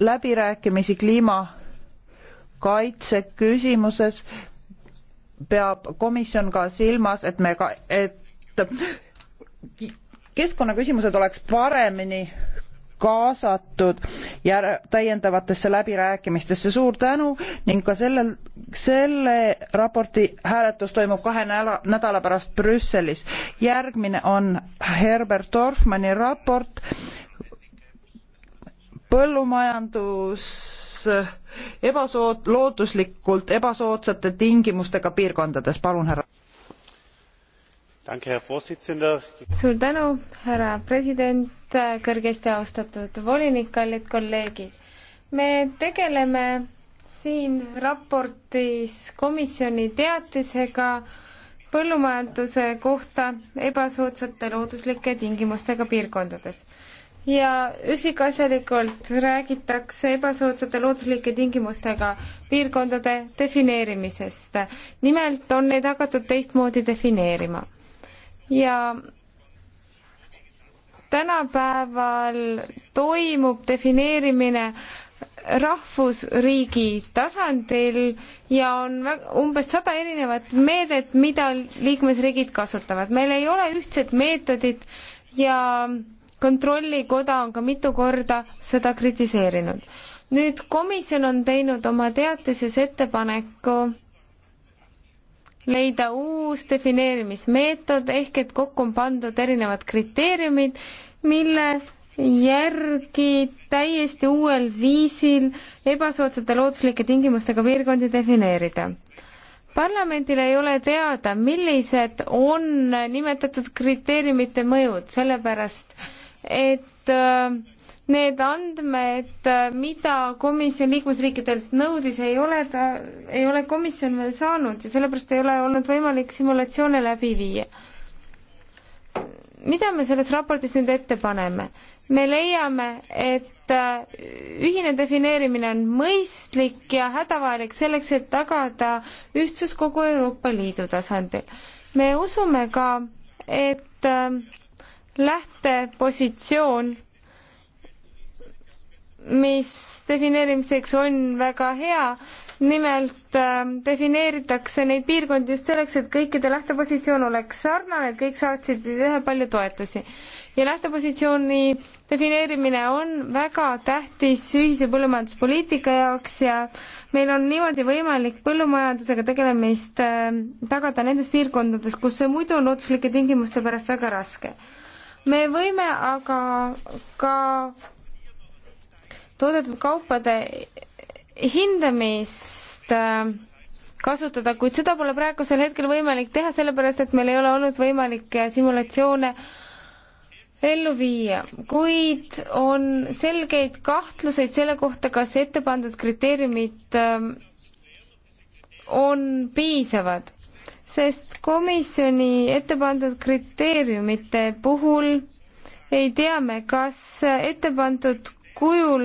läbirääkimisi kliimakaitse küsimuses peab komisjon ka silmas, et me ka, et keskkonnaküsimused oleks paremini kaasatud jär-, täiendavatesse läbirääkimistesse. suur tänu ning ka sellel, selle raporti hääletus toimub kahe näla, nädala pärast Brüsselis. järgmine on Herbert Dorfmanni raport põllumajandus ebasoot-, lootuslikult ebasoodsate tingimustega piirkondades, palun härra. suur tänu, härra president, kõrgesti austatud volinik, kallid kolleegid. me tegeleme siin raportis komisjoni teatisega põllumajanduse kohta ebasoodsate looduslike tingimustega piirkondades ja üksikasjalikult räägitakse ebasoodsate looduslike tingimustega piirkondade defineerimisest. nimelt on neid hakatud teistmoodi defineerima. ja tänapäeval toimub defineerimine rahvusriigi tasandil ja on umbes sada erinevat meedet, mida liikmesriigid kasutavad. meil ei ole ühtset meetodit ja kontrollikoda on ka mitu korda seda kritiseerinud. nüüd komisjon on teinud oma teatises ettepaneku leida uus defineerimismeetod ehk et kokku on pandud erinevad kriteeriumid, mille järgi täiesti uuel viisil ebasoodsate looduslike tingimustega piirkondi defineerida. parlamendil ei ole teada, millised on nimetatud kriteeriumite mõjud, sellepärast et äh, need andmed, äh, mida komisjon liikmesriikidelt nõudis, ei ole ta, ei ole komisjon veel saanud ja sellepärast ei ole olnud võimalik simulatsioone läbi viia. mida me selles raportis nüüd ette paneme? me leiame, et äh, ühine defineerimine on mõistlik ja hädavajalik selleks, et tagada ühtsus kogu Euroopa Liidu tasandil. me usume ka, et lähtepositsioon, mis defineerimiseks on väga hea, nimelt äh, defineeritakse neid piirkondi just selleks, et kõikide lähtepositsioon oleks sarnane, et kõik saatsid ühepalju toetusi. ja lähtepositsiooni defineerimine on väga tähtis ühise põllumajanduspoliitika jaoks ja meil on niimoodi võimalik põllumajandusega tegelemist äh, tagada nendes piirkondades, kus see muidu on looduslike tingimuste pärast väga raske me võime aga ka toodetud kaupade hindamist äh, kasutada, kuid seda pole praegusel hetkel võimalik teha, sellepärast et meil ei ole olnud võimalik äh, simulatsioone ellu viia, kuid on selgeid kahtluseid selle kohta, kas ette pandud kriteeriumid äh, on piisavad sest komisjoni ette pandud kriteeriumite puhul ei tea me, kas ette pandud kujul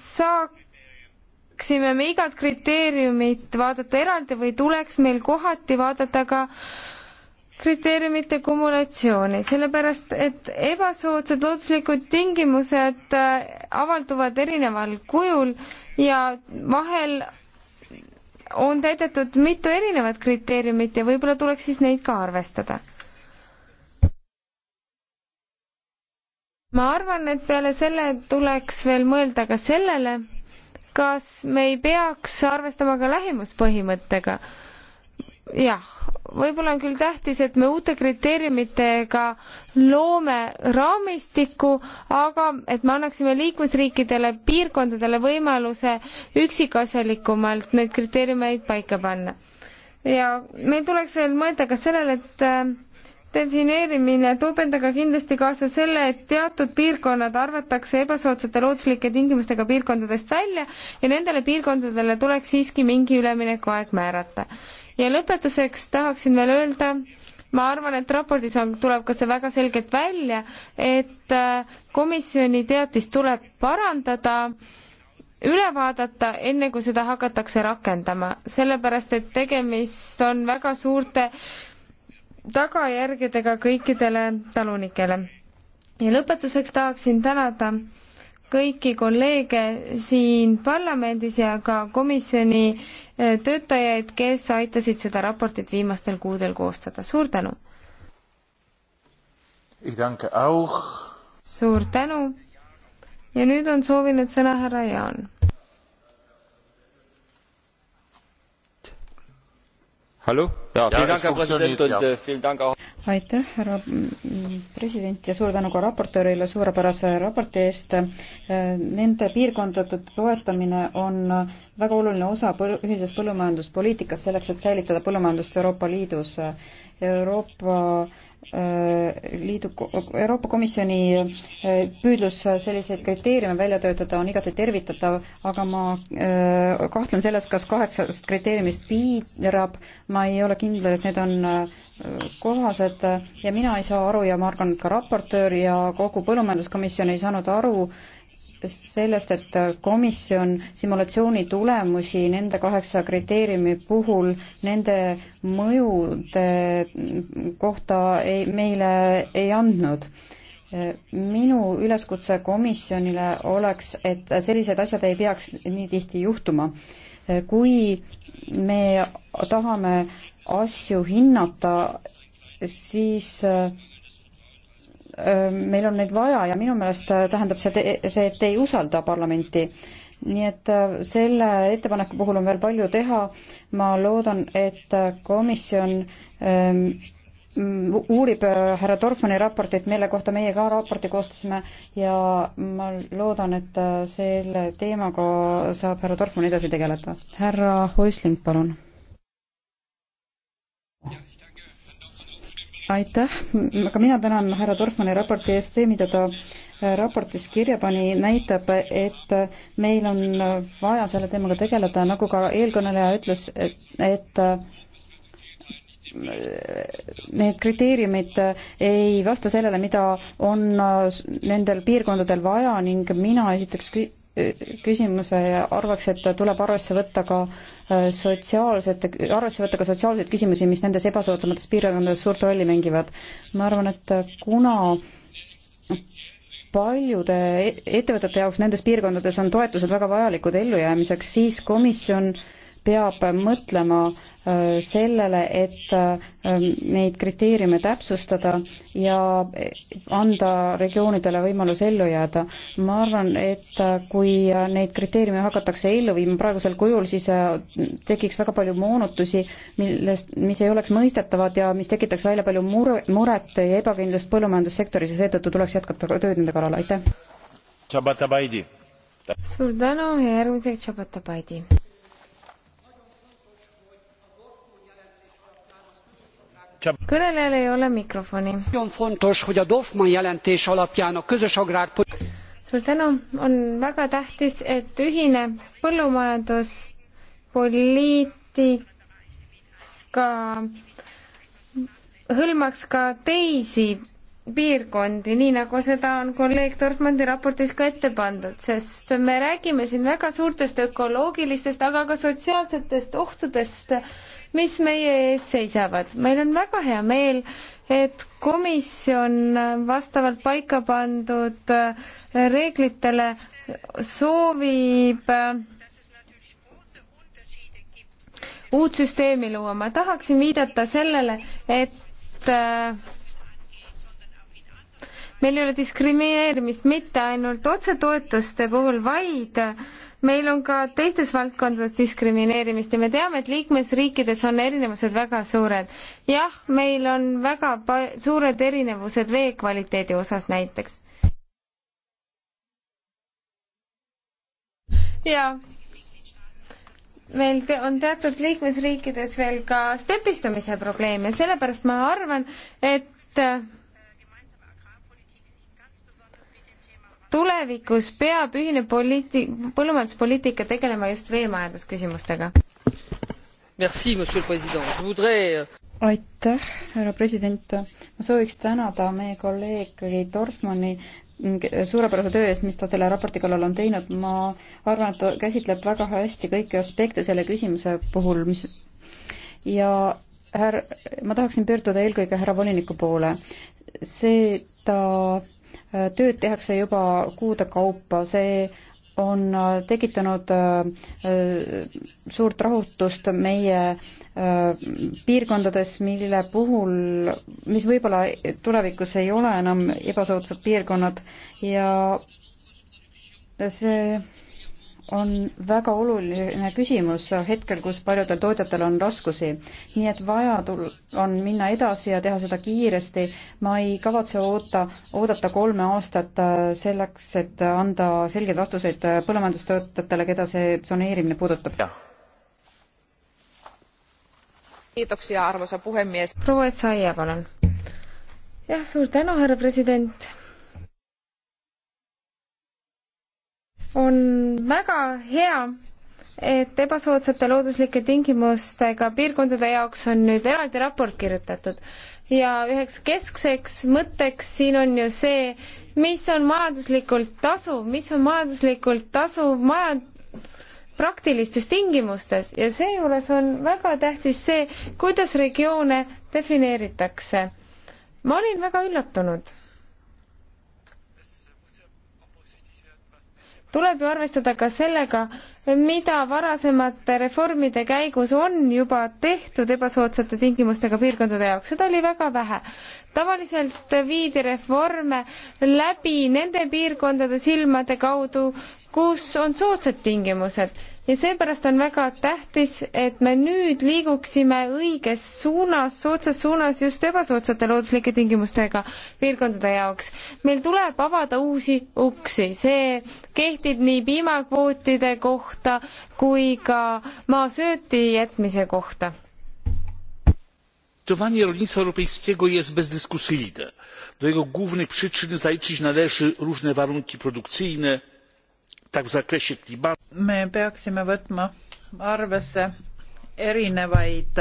saaksime me igat kriteeriumit vaadata eraldi või tuleks meil kohati vaadata ka kriteeriumite kumulatsiooni, sellepärast et ebasoodsad looduslikud tingimused avalduvad erineval kujul ja vahel on täidetud mitu erinevat kriteeriumit ja võib-olla tuleks siis neid ka arvestada. ma arvan, et peale selle tuleks veel mõelda ka sellele, kas me ei peaks arvestama ka lähimuspõhimõttega jah, võib-olla on küll tähtis, et me uute kriteeriumitega loome raamistiku, aga et me annaksime liikmesriikidele, piirkondadele võimaluse üksikasjalikumalt neid kriteeriumeid paika panna. ja meil tuleks veel mõelda ka sellele, et äh, defineerimine toob endaga kindlasti kaasa selle, et teatud piirkonnad arvatakse ebasoodsate looduslike tingimustega piirkondadest välja ja nendele piirkondadele tuleks siiski mingi üleminekuaeg määrata ja lõpetuseks tahaksin veel öelda, ma arvan, et raportis on, tuleb ka see väga selgelt välja, et äh, komisjoni teatis tuleb parandada, üle vaadata, enne kui seda hakatakse rakendama, sellepärast et tegemist on väga suurte tagajärgedega kõikidele talunikele. ja lõpetuseks tahaksin tänada kõiki kolleege siin parlamendis ja ka komisjoni eh, töötajaid, kes aitasid seda raportit viimastel kuudel koostada, suur tänu! suur tänu ja nüüd on soovinud sõna härra Jaan. hallo? jaa, vielen Dank, Herr Präsident und äh, vielen Dank auch aitäh, härra president ja suur tänu ka raportöörile suurepärase raporti eest. Nende piirkondade toetamine on väga oluline osa põl ühisest põllumajanduspoliitikast selleks, et säilitada põllumajandust Euroopa Liidus. Euroopa äh, liidu, Euroopa Komisjoni äh, püüdlus selliseid kriteeriume välja töötada on igati tervitatav, aga ma äh, kahtlen selles, kas kaheksast kriteeriumist piirab, ma ei ole kindel, et need on äh, kohased ja mina ei saa aru ja ma arvan, et ka raportöör ja kogu põllumajanduskomisjon ei saanud aru, sellest, et komisjon simulatsiooni tulemusi nende kaheksa kriteeriumi puhul, nende mõjude kohta ei, meile ei andnud. minu üleskutse komisjonile oleks, et sellised asjad ei peaks nii tihti juhtuma. kui me tahame asju hinnata, siis äh, meil on neid vaja ja minu meelest äh, tähendab see, e-, see, et ei usalda parlamenti. nii et äh, selle ettepaneku puhul on veel palju teha, ma loodan, et äh, komisjon ähm, uurib härra Dorfmanni raportit, mille kohta meie ka raporti koostasime ja ma loodan, et selle teemaga saab härra Dorfmann edasi tegeleda. härra Oisling, palun aitäh, aga mina tänan härra Dorfmanni raporti eest, see, mida ta äh, raportis kirja pani, näitab, et äh, meil on äh, vaja selle teemaga tegeleda, nagu ka eelkõneleja ütles, et, et need kriteeriumid ei vasta sellele, mida on nendel piirkondadel vaja ning mina esiteks küsimuse ja arvaks, et tuleb arvesse võtta ka äh, sotsiaalsete, arvesse võtta ka sotsiaalseid küsimusi, mis nendes ebasoodsamates piirkondades suurt rolli mängivad. ma arvan, et kuna paljude e-, ettevõtete jaoks nendes piirkondades on toetused väga vajalikud ellujäämiseks, siis komisjon äh, peab mõtlema äh, sellele, et äh, neid kriteeriume täpsustada ja anda regioonidele võimalus ellu jääda. ma arvan, et äh, kui neid kriteeriume hakatakse ellu viima praegusel kujul, siis tekiks väga palju moonutusi, millest, mis ei oleks mõistetavad ja mis tekitaks välja palju mure, muret ja ebakindlust põllumajandussektoris ja seetõttu tuleks jätkata tööd nende kallal, aitäh! suur tänu ja järgmiseks Tšabatabaidi! kõnelejal ei ole mikrofoni. suur tänu, on väga tähtis, et ühine põllumajanduspoliitika hõlmaks ka teisi piirkondi, nii nagu seda on kolleeg Dortmundi raportis ka ette pandud, sest me räägime siin väga suurtest ökoloogilistest, aga ka sotsiaalsetest ohtudest, mis meie ees seisavad. meil on väga hea meel, et komisjon vastavalt paika pandud reeglitele soovib uut süsteemi luua. ma tahaksin viidata sellele, et meil ei ole diskrimineerimist mitte ainult otsetoetuste puhul, vaid meil on ka teistes valdkondades diskrimineerimist ja me teame, et liikmesriikides on erinevused väga suured. jah, meil on väga suured erinevused vee kvaliteedi osas näiteks. jaa meil te on teatud liikmesriikides veel ka stepistumise probleem ja sellepärast ma arvan, et tulevikus peab ühine poliiti-, põllumajanduspoliitika tegelema just veemajandusküsimustega? Euh, aitäh, härra president. ma sooviks tänada meie kolleegi Dorfmanni suurepärase töö eest, mis ta selle raporti kallal on teinud. ma arvan, et ta käsitleb väga hästi kõiki aspekte selle küsimuse puhul, mis ja härra, ma tahaksin pöörduda eelkõige härra voliniku poole. see, ta tööd tehakse juba kuude kaupa, see on äh, tekitanud äh, suurt rahutust meie äh, piirkondades, mille puhul, mis võib-olla tulevikus ei ole enam ebasoodsad piirkonnad ja see on väga oluline küsimus hetkel, kus paljudel tootjatel on raskusi. nii et vaja tul-, on minna edasi ja teha seda kiiresti. ma ei kavatse oota, oodata kolme aastat äh, selleks, et anda selgeid vastuseid äh, põllumajandustootjatele, keda see tsoneerimine puudutab. kiitoksia, arvamuse puhemees. proua Etsaia, palun. jah, suur tänu, härra president on väga hea, et ebasoodsate looduslike tingimustega piirkondade jaoks on nüüd eraldi raport kirjutatud ja üheks keskseks mõtteks siin on ju see, mis on majanduslikult tasuv, mis on majanduslikult tasuv majand-, praktilistes tingimustes ja seejuures on väga tähtis see, kuidas regioone defineeritakse. ma olin väga üllatunud tuleb ju arvestada ka sellega, mida varasemate reformide käigus on juba tehtud ebasoodsate tingimustega piirkondade jaoks, seda oli väga vähe. tavaliselt viidi reforme läbi nende piirkondade silmade kaudu, kus on soodsad tingimused ja seepärast on väga tähtis, et me nüüd liiguksime õiges suunas, soodsas suunas just ebasoodsate looduslike tingimustega piirkondade jaoks. meil tuleb avada uusi uksi, see kehtib nii piimakvootide kohta kui ka maasööti jätmise kohta. Zdecydowanie rolnictwa europejskiego jest bezdyskusyjne. Do jego głównych przyczyn zaliczyć należy różne warunki produkcyjne, me peaksime võtma arvesse erinevaid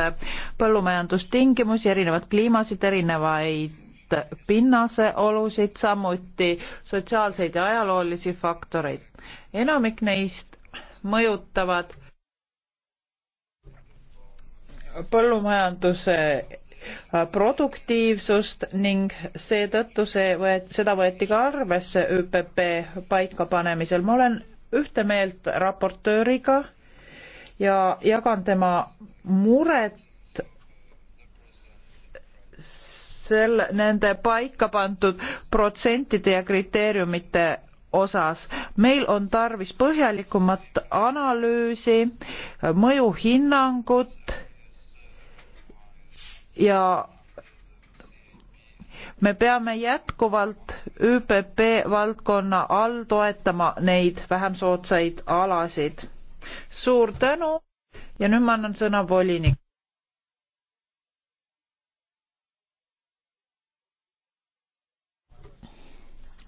põllumajandustingimusi, erinevat kliimasid, erinevaid pinnaseolusid, samuti sotsiaalseid ja ajaloolisi faktoreid. enamik neist mõjutavad põllumajanduse produktiivsust ning seetõttu see võet-, seda võeti ka arvesse ÜPP paikapanemisel. ma olen ühte meelt raportööriga ja jagan tema muret sel-, nende paika pandud protsentide ja kriteeriumite osas. meil on tarvis põhjalikumat analüüsi, mõjuhinnangut, ja me peame jätkuvalt ÜPP valdkonna all toetama neid vähem soodsaid alasid. suur tänu ja nüüd ma annan sõna volinik.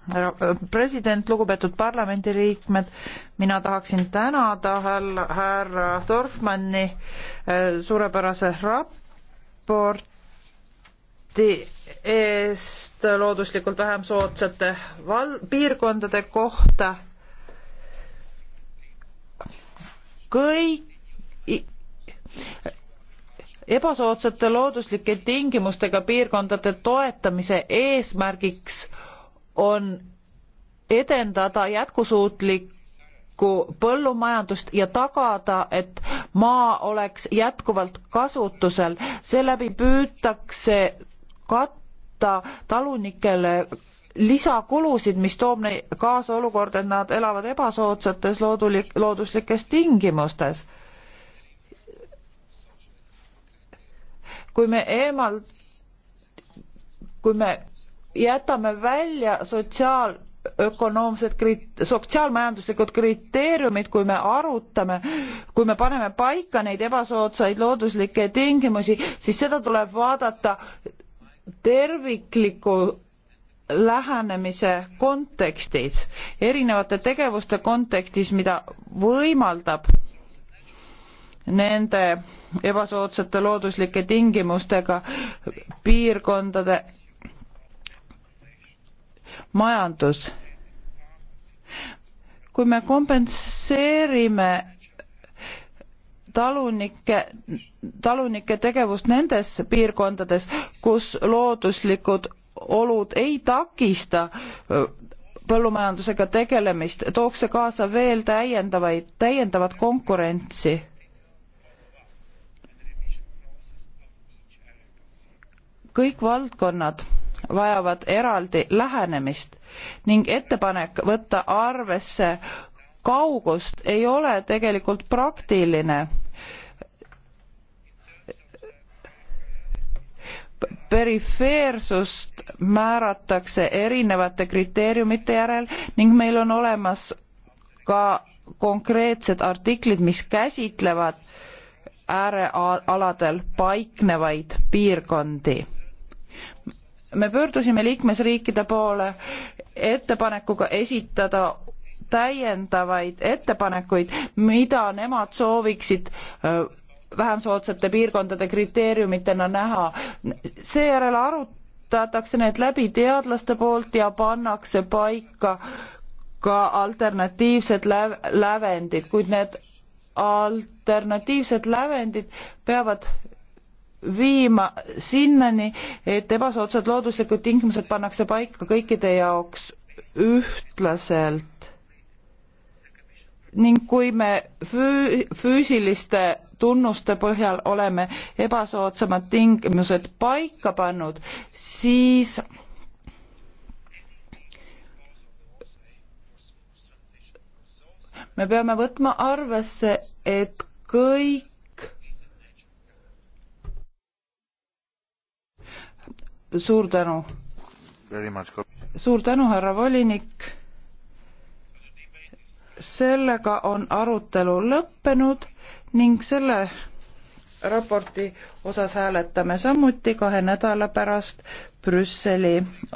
härra äh, president, lugupeetud parlamendiliikmed, mina tahaksin tänada härra Dorfmanni äh, suurepärase raporti raporti eest looduslikult vähem soodsate val-, piirkondade kohta. kõik ebasoodsate looduslike tingimustega piirkondade toetamise eesmärgiks on edendada jätkusuutlik jätku põllumajandust ja tagada, et maa oleks jätkuvalt kasutusel. seeläbi püütakse katta talunikele lisakulusid, mis toob neid kaasa olukorda, et nad elavad ebasoodsates loodulik, looduslikes tingimustes. kui me eemal, kui me jätame välja sotsiaal- ökonoomsed krit-, sotsiaalmajanduslikud kriteeriumid, kui me arutame, kui me paneme paika neid ebasoodsaid looduslikke tingimusi, siis seda tuleb vaadata tervikliku lähenemise kontekstis, erinevate tegevuste kontekstis, mida võimaldab nende ebasoodsate looduslike tingimustega piirkondade majandus. kui me kompenseerime talunike, talunike tegevust nendes piirkondades, kus looduslikud olud ei takista põllumajandusega tegelemist, tooks see kaasa veel täiendavaid, täiendavat konkurentsi kõik valdkonnad vajavad eraldi lähenemist ning ettepanek võtta arvesse kaugust ei ole tegelikult praktiline perifeersust määratakse erinevate kriteeriumite järel ning meil on olemas ka konkreetsed artiklid mis käsitlevad äärealadel paiknevaid piirkondi me pöördusime liikmesriikide poole ettepanekuga esitada täiendavaid ettepanekuid, mida nemad sooviksid vähem soodsate piirkondade kriteeriumitena näha. seejärel arutatakse need läbi teadlaste poolt ja pannakse paika ka alternatiivsed läv-, lävendid, kuid need alternatiivsed lävendid peavad viima sinnani, et ebasoodsad looduslikud tingimused pannakse paika kõikide jaoks ühtlaselt. ning kui me füü-, füüsiliste tunnuste põhjal oleme ebasoodsamad tingimused paika pannud, siis me peame võtma arvesse, et kõik suur tänu. suur tänu, härra volinik. sellega on arutelu lõppenud ning selle raporti osas hääletame samuti kahe nädala pärast Brüsseli